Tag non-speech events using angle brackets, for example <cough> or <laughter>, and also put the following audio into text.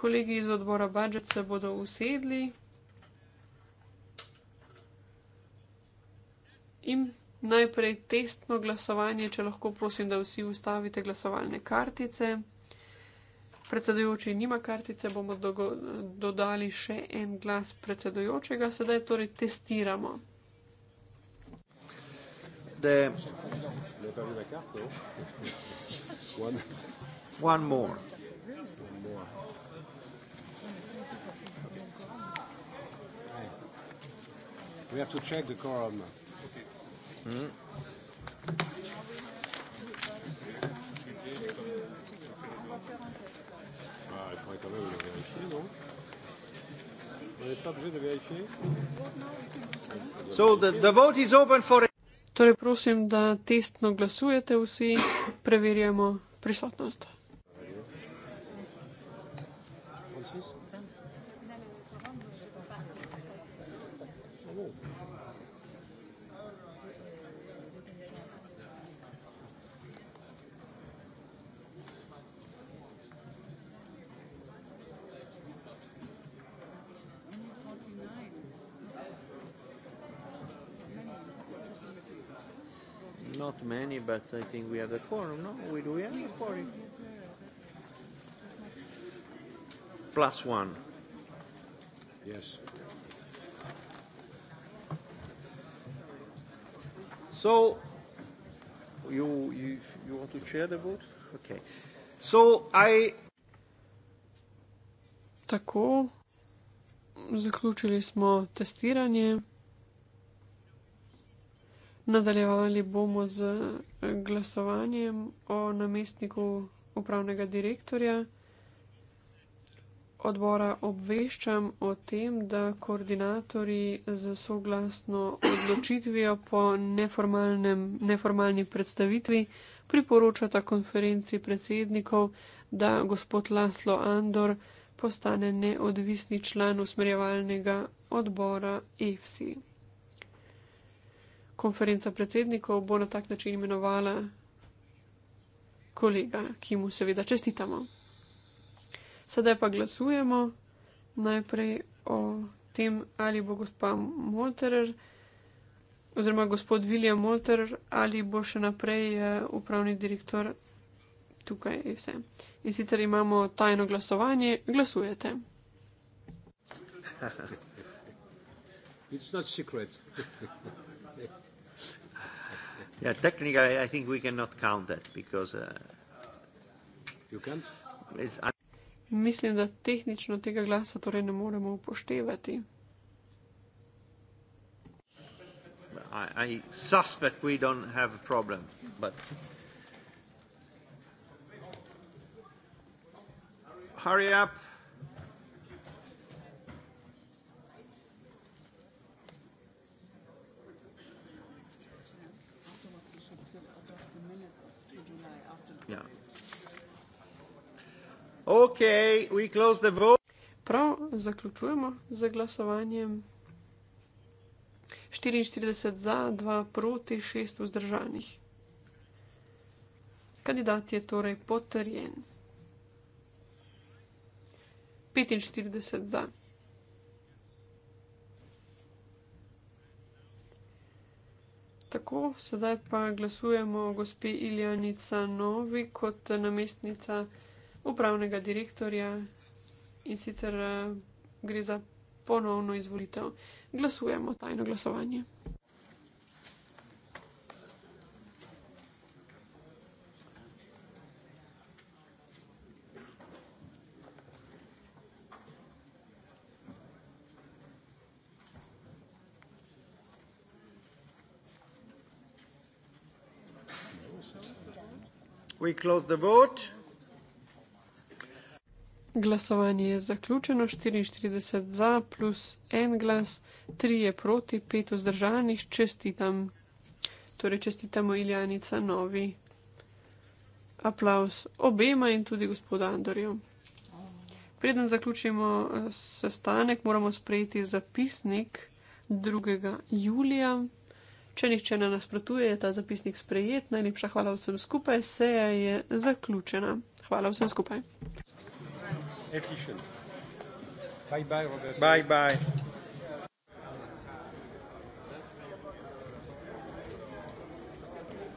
Kolegi iz odbora budžet se bodo usedli in najprej testno glasovanje, če lahko prosim, da vsi ustavite glasovalne kartice. Predsedujoči nima kartice, bomo dodali še en glas predsedujočega, sedaj torej testiramo. De... One. One more. One more. We have to check the quorum. Okay. Mm. Ah, il faudrait quand même le vérifier, non On n'est pas obligé de vérifier so the, the vote is open for... Torej prosim, da testno glasujete vsi, preverjamo prisotnost. Not many, but I think we have the quorum, no? We do we have the quorum? Plus one. Yes. So, you, you, you want to chair the vote? Okay. So, I... Tako, zaključili smo testiranje. Nadaljevali bomo z glasovanjem o namestniku upravnega direktorja odbora obveščam o tem, da koordinatorji z soglasno odločitvijo po neformalni predstavitvi priporočata konferenci predsednikov, da gospod Laslo Andor postane neodvisni član usmerjevalnega odbora EFSI. Konferenca predsednikov bo na tak način imenovala kolega, ki mu seveda čestitamo. Sedaj pa glasujemo najprej o tem, ali bo gospa Molterer oziroma gospod William Molterer ali bo še naprej eh, upravni direktor tukaj in vse. In sicer imamo tajno glasovanje, glasujete. <laughs> <laughs> Yeah, technically, I think we cannot count that because uh, you can't. It's, I Mislim, da tehnično tega glasa torej ne moremo upoštevati. I, I Hurry up! Okay, we close the vote. Prav, zaključujemo z glasovanjem. 44 za, 2 proti, 6 vzdržanih. Kandidat je torej potrjen. 45 za. Tako, sedaj pa glasujemo o gospe Iljanica Novi kot namestnica upravnega direktorja in sicer eh, gre za ponovno izvolitev. Glasujemo tajno glasovanje. We close the vote. Glasovanje je zaključeno, 44 za plus en glas, tri je proti, pet vzdržanih, čestitam. Torej čestitamo Iljanica Novi. Aplaus obema in tudi gospodu Andorju. Preden zaključimo eh, sestanek, moramo sprejeti zapisnik 2. julija. Če nihče ne nasprotuje, je ta zapisnik sprejet. Najlepša hvala vsem skupaj. Seja je zaključena. Hvala vsem skupaj efficient. Bye bye, Robert. Bye bye.